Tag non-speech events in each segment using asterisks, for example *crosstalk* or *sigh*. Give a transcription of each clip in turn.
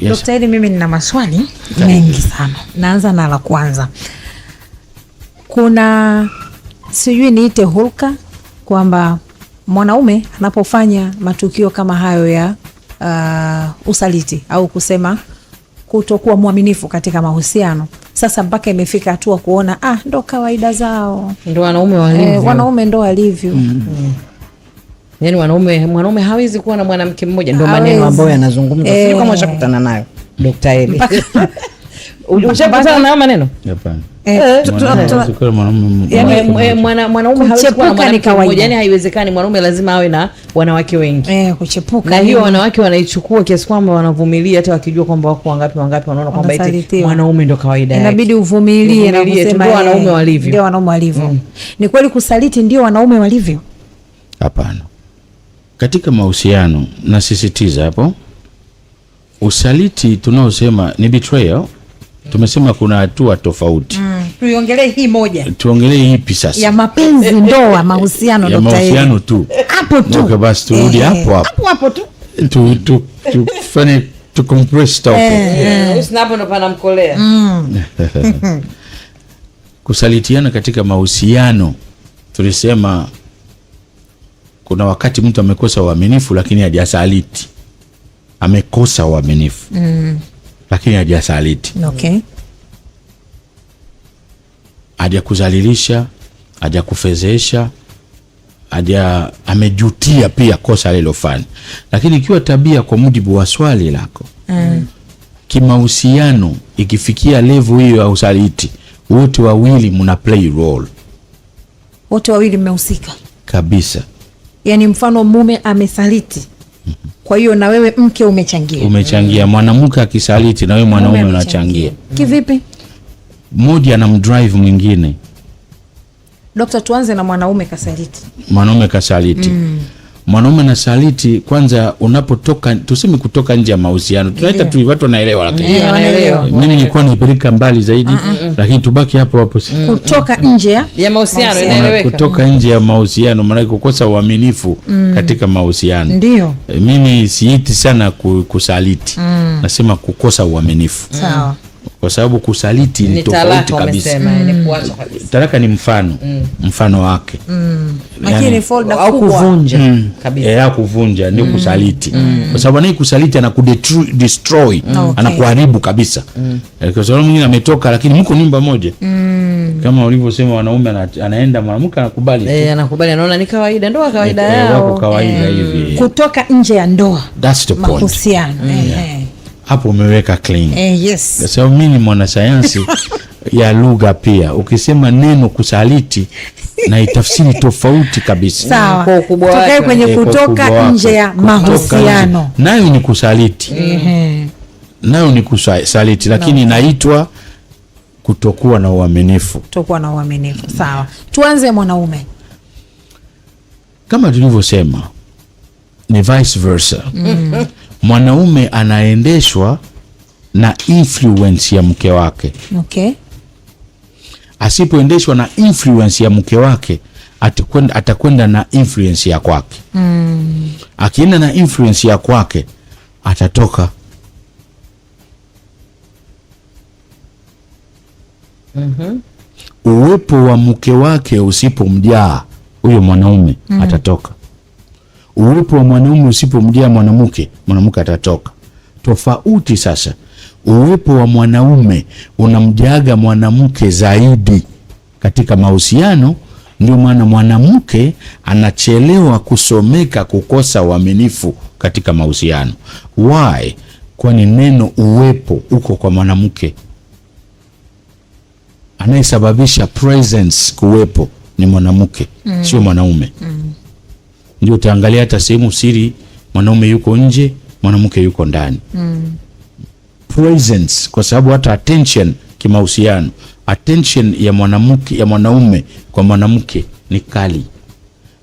Yes. Dokta mimi nina maswali mengi sana. Naanza na la kwanza, kuna sijui niite hulka kwamba mwanaume anapofanya matukio kama hayo ya uh, usaliti au kusema kutokuwa mwaminifu katika mahusiano, sasa mpaka imefika hatua kuona ah, ndo kawaida zao, ndo wanaume walivyo, eh, wanaume ndo walivyo mm -hmm. Yani wanaume mwanaume hawezi kuwa na mwanamke mmoja, ndio maneno ambayo yanazungumzwa. Sio eh. kama ushakutana nayo Dr. Eli. *laughs* Ushakutana nayo maneno? Hapana. Eh, eh, mwanaume na yani yaani, haiwezekani. Mwanaume lazima awe na wanawake wengi kuchepuka. Na hiyo wanawake wanaichukua kiasi kwamba wanavumilia hata wakijua kwamba wako wangapi wangapi, wanaona kwamba eti mwanaume ndio kawaida yake, inabidi uvumilie na kusema ndio wanaume walivyo. Ndio wanaume walivyo. Mm. Ni kweli kusaliti ndio wanaume walivyo? Hapana katika mahusiano, nasisitiza hapo, usaliti tunaosema ni betrayal tumesema kuna hatua tofauti mm. Tuiongelee hii moja, tuongelee ipi sasa? Ya mapenzi, eh, eh, ndoa, eh, mahusiano, ya mahusiano tu hapo tu basi, turudi hapo hapo hapo tu tu tu tufanye tu compress hapo, usinapo ndo pana mkolea. Mm. *laughs* Kusalitiana katika mahusiano tulisema kuna wakati mtu amekosa uaminifu lakini hajasaliti, amekosa uaminifu mm. lakini hajasaliti okay. hajakudhalilisha, ajakufezesha haja amejutia pia kosa alilofanya. Lakini ikiwa tabia kwa mujibu wa swali lako mm. kimahusiano ikifikia levu hiyo ya usaliti, wote wawili mna play role, wote wawili mmehusika kabisa yani mfano mume amesaliti, mhm. kwa hiyo na wewe mke umechangia, umechangia. Mwanamke akisaliti na wewe mwanaume unachangia kivipi? Mmoja anamdrive mwingine. Dokta, tuanze na mwanaume kasaliti. Mwanaume kasaliti mm mwanaume na saliti kwanza, unapotoka tuseme, kutoka nje ya mahusiano tunaita tu, watu wanaelewa, lakini mimi nilikuwa naipeleka mbali zaidi, mm, mm, mm. lakini tubaki hapo hapo, kutoka nje ya mahusiano inaeleweka, kutoka nje ya mahusiano, maana kukosa uaminifu mm. katika mahusiano ndio e, mimi siiti sana kusaliti mm. nasema kukosa uaminifu sawa mm kwa sababu kusaliti ni tofauti mm. kabisa. Talaka ni mfano mm. mfano wake mm. yani, au kuvunja mm. kabisa ya kuvunja ni mm. kusaliti mm. kwa sababu anaye kusaliti anaku destroy mm. anakuharibu kabisa mm. Eh, kwa sababu mwingine ametoka, lakini mko nyumba moja mm. kama ulivyosema, wanaume anaenda mwanamke anakubali eh, anakubali anaona ni kawaida, ndoa kawaida eh, eh, yao, kawaida hivi kutoka nje ya ndoa, that's the point mahusiano mm. yeah hapo umeweka clean. Eh, yes. Kwa sababu mimi ni mwanasayansi *laughs* ya lugha pia, ukisema neno kusaliti na itafsiri tofauti kabisa. Sawa. kwenye eh, kutoka nje ya mahusiano, nayo ni kusaliti mm-hmm. nayo ni kusaliti lakini inaitwa no. kutokuwa na uaminifu, kutokuwa na uaminifu. Sawa, tuanze mwanaume, kama tulivyosema ni vice versa mm mwanaume anaendeshwa na influence ya mke wake. Okay. Asipoendeshwa na influence ya mke wake atakwenda atakwenda na influence ya kwake. Mm. Akienda na influence ya kwake atatoka. Mm -hmm. Uwepo wa mke wake usipomjaa huyo mwanaume mm. atatoka uwepo wa mwanaume usipomjia mwanamke, mwanamke atatoka. Tofauti sasa, uwepo wa mwanaume unamjaga mwanamke zaidi katika mahusiano. Ndio maana mwanamke anachelewa kusomeka, kukosa uaminifu katika mahusiano. Why? Kwani neno uwepo uko kwa mwanamke, anayesababisha presence kuwepo ni mwanamke mm. sio mwanaume mm ndio utaangalia hata sehemu siri, mwanaume yuko nje, mwanamke yuko ndani mm. Presence, kwa sababu hata attention kimahusiano, attention ya mwanamke ya mwanaume kwa mwanamke ni kali.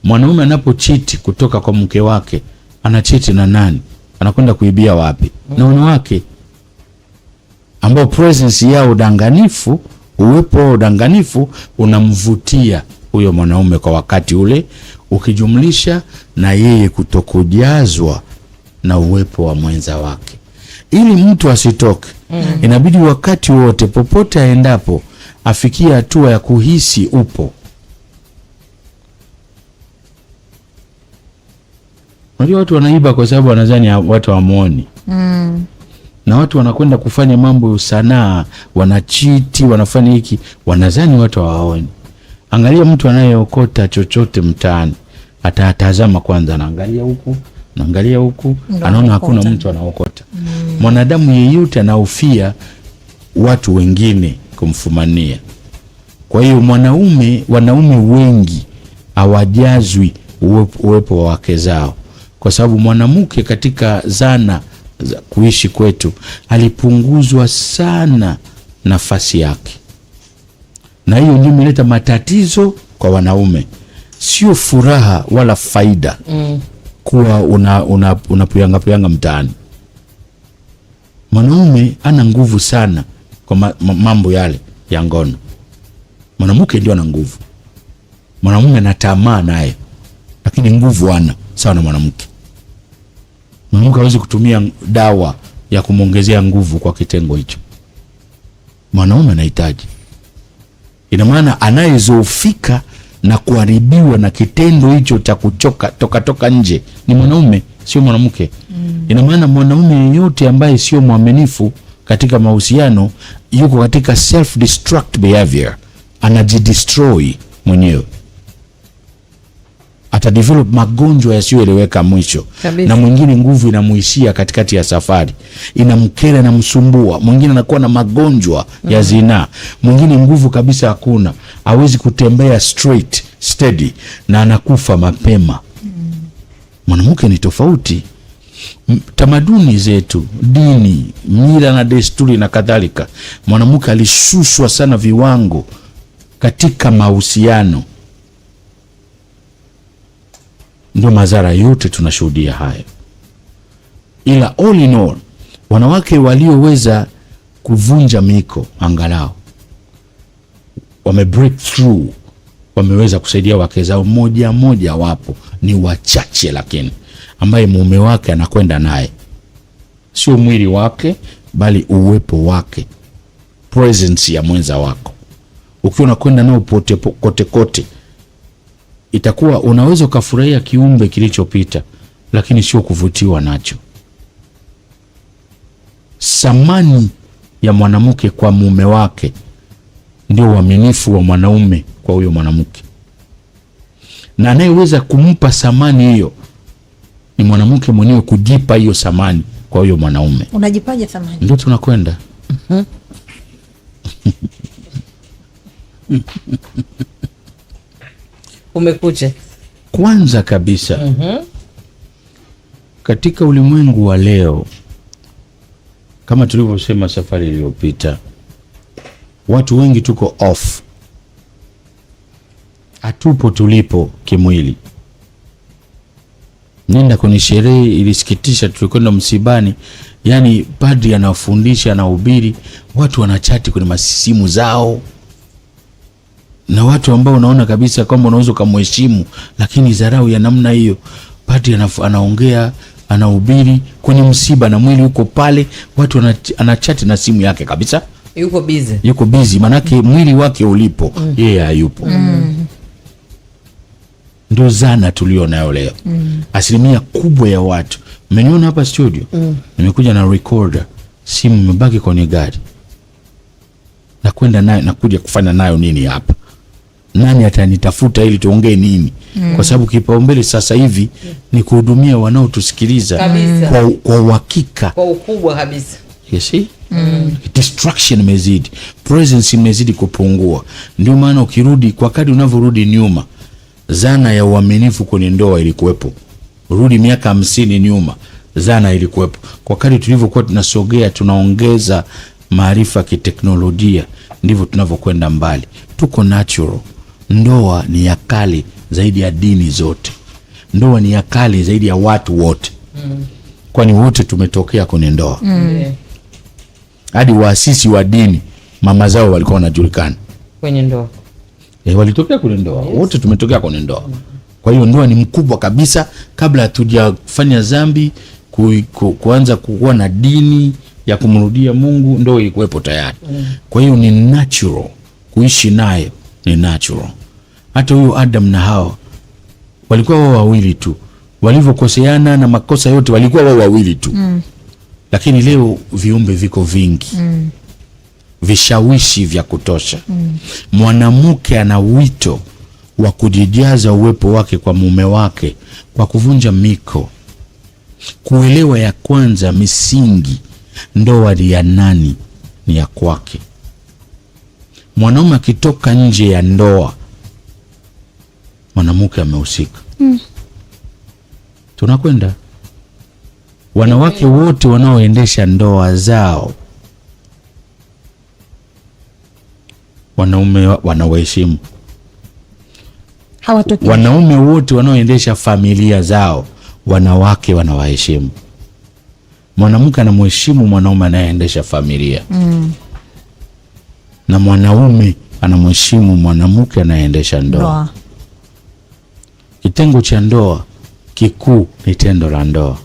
Mwanaume anapochiti kutoka kwa mke wake anachiti na nani? Anakwenda kuibia wapi? mm. na wanawake ambao presence yao udanganifu, uwepo wa udanganifu unamvutia huyo mwanaume kwa wakati ule ukijumlisha na yeye kutokujazwa na uwepo wa mwenza wake. Ili mtu asitoke, mm inabidi wakati wote popote aendapo afikie hatua ya kuhisi upo. Unajua watu wanaiba kwa sababu wanadhani watu hawamwoni. mm. na watu wanakwenda kufanya mambo sanaa, wanachiti, wanafanya hiki, wanadhani watu hawaoni. Angalia mtu anayeokota chochote mtaani atatazama kwanza, anaangalia huku, anaangalia huku, anaona hakuna mtu anaokota. Mm. Mwanadamu yeyote anahofia watu wengine kumfumania. Kwa hiyo mwanaume, wanaume wengi hawajazwi uwepo wa wake zao, kwa sababu mwanamke katika zana za kuishi kwetu alipunguzwa sana nafasi yake, na hiyo ndio imeleta matatizo kwa wanaume sio furaha wala faida mm. kuwa unapuyanga puyanga una mtaani. Mwanaume ana nguvu sana kwa ma, mambo yale ya ngono. Mwanamke ndio ana nguvu, mwanamume ana tamaa naye, lakini nguvu ana sawa na mwanamke. Mwanamke hawezi kutumia dawa ya kumwongezea nguvu kwa kitengo hicho, mwanaume anahitaji. Ina maana anayezofika na kuharibiwa na kitendo hicho cha kuchoka toka toka nje ni mwanaume, sio mwanamke mm. Ina maana mwanaume yeyote ambaye sio mwaminifu katika mahusiano yuko katika self destruct behavior, anajidestroy mwenyewe atadevelop magonjwa yasiyoeleweka mwisho Kabisa. Na mwingine nguvu inamuishia katikati ya safari, inamkera na msumbua. Mwingine anakuwa na magonjwa mm. ya mm-hmm. zinaa. Mwingine nguvu kabisa hakuna, hawezi kutembea straight steady na anakufa mapema mm. Mwanamke ni tofauti tamaduni zetu, dini, mila na desturi na kadhalika, mwanamke alishushwa sana viwango katika mahusiano. mm ndio madhara yote tunashuhudia hayo. Ila all in all, wanawake walioweza kuvunja miko angalau wame break through, wameweza kusaidia wake zao moja moja, wapo ni wachache, lakini ambaye mume wake anakwenda naye sio mwili wake, bali uwepo wake, presence ya mwenza wako, ukiwa unakwenda nao kote kote itakuwa unaweza ukafurahia kiumbe kilichopita, lakini sio kuvutiwa nacho. samani ya mwanamke kwa mume wake ndio uaminifu wa mwanaume kwa huyo mwanamke, na anayeweza kumpa samani hiyo ni mwanamke mwenyewe kujipa hiyo samani kwa huyo mwanaume. Unajipaje samani? Ndio tunakwenda mhm. *laughs* Kumekucha. Kwanza kabisa mm -hmm. Katika ulimwengu wa leo kama tulivyosema safari iliyopita, watu wengi tuko off, hatupo tulipo kimwili. Nenda kwenye sherehe, ilisikitisha, tulikwenda msibani, yani padri anafundisha, anahubiri, watu wanachati kwenye masimu zao na watu ambao unaona kabisa kwamba unaweza ukamheshimu, lakini dharau ya namna hiyo. Padri anaongea anahubiri kwenye msiba na mwili uko pale, watu anachati na simu yake kabisa, yuko busy, yuko busy, manake mwili wake ulipo mm. yeye mm. yeah, hayupo mm. Ndio zana tulio nayo leo mm. Asilimia kubwa ya watu mmeniona hapa studio mm. Nimekuja na recorder, simu imebaki kwenye gari, nakwenda nayo nakuja kufanya nayo nini hapa nani atanitafuta ili tuongee nini? mm. Kwa sababu kipaumbele sasa hivi yeah. ni kuhudumia wanaotusikiliza kwa, kwa uhakika kwa ukubwa kabisa. Yes, mm. destruction imezidi, presence imezidi kupungua. Ndio maana ukirudi kwa kadri unavyorudi nyuma, zana ya uaminifu kwenye ndoa ilikuwepo. Rudi miaka hamsini nyuma, zana ilikuwepo. Kwa kadri tulivyokuwa tunasogea, tunaongeza maarifa ya kiteknolojia, ndivyo tunavyokwenda mbali. Tuko natural Ndoa ni ya kale zaidi ya dini zote, ndoa ni ya kale zaidi ya watu wote mm. kwani wote tumetokea kwenye ndoa mm. hadi mm. waasisi wa dini mama zao walikuwa wanajulikana kwenye ndoa e, walitokea kwenye ndoa yes. wote tumetokea kwenye ndoa mm. kwa hiyo ndoa ni mkubwa kabisa, kabla hatujafanya dhambi ku, ku, kuanza kuwa na dini ya kumrudia Mungu, ndoa ilikuwepo tayari mm. kwa hiyo ni natural kuishi naye ni natural. Hata huyo Adam na Hawa walikuwa wao wawili tu, walivyokoseana na makosa yote walikuwa wao wawili tu mm. Lakini leo viumbe viko vingi mm. vishawishi vya kutosha mm. Mwanamke ana wito wa kujijaza uwepo wake kwa mume wake kwa kuvunja miko, kuelewa ya kwanza misingi, ndoa ni ya nani? Ni ya kwake mwanaume akitoka nje ya ndoa mwanamke amehusika. mm. Tunakwenda wanawake wote wanaoendesha ndoa zao wanaume wanawaheshimu Wanaume wote wanaoendesha familia zao wanawake wanawaheshimu. Mwanamke anamheshimu mwanaume anayeendesha familia mm na mwanaume anamheshimu mwanamke anayeendesha ndoa. Kitengo cha ndoa kikuu ni tendo la ndoa.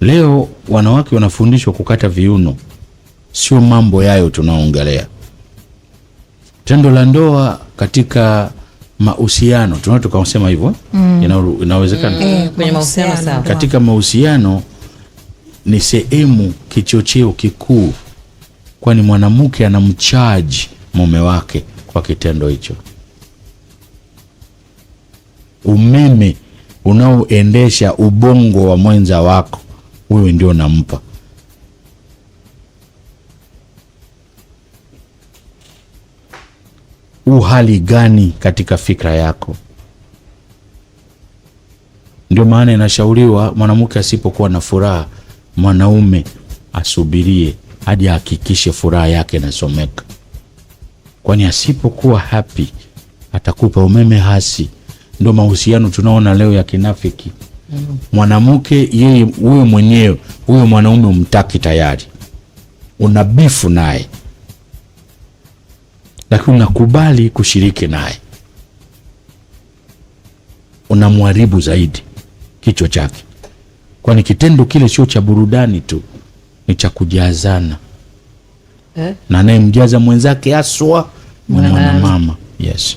Leo wanawake wanafundishwa kukata viuno, sio mambo yayo tunaongelea. Tendo la ndoa katika mahusiano tunao tukasema hivyo mm. inawezekana mm. kwenye katika mahusiano ni sehemu kichocheo kikuu kwani mwanamke anamchaji mume wake kwa kitendo hicho. Umeme unaoendesha ubongo wa mwenza wako wewe ndio unampa. Uhali gani katika fikra yako? Ndio maana inashauriwa mwanamke asipokuwa na furaha, mwanaume asubirie hadi ahakikishe furaha yake inasomeka, kwani asipokuwa happy atakupa umeme hasi. Ndo mahusiano tunaona leo ya kinafiki. Mwanamke yeye huyo mwenyewe huyo mwanaume umtaki tayari, una bifu naye, lakini unakubali kushiriki naye, unamharibu zaidi kichwa chake, kwani kitendo kile sio cha burudani tu ni cha kujazana eh? na anayemjaza mwenzake haswa ni mwanamama. Yes.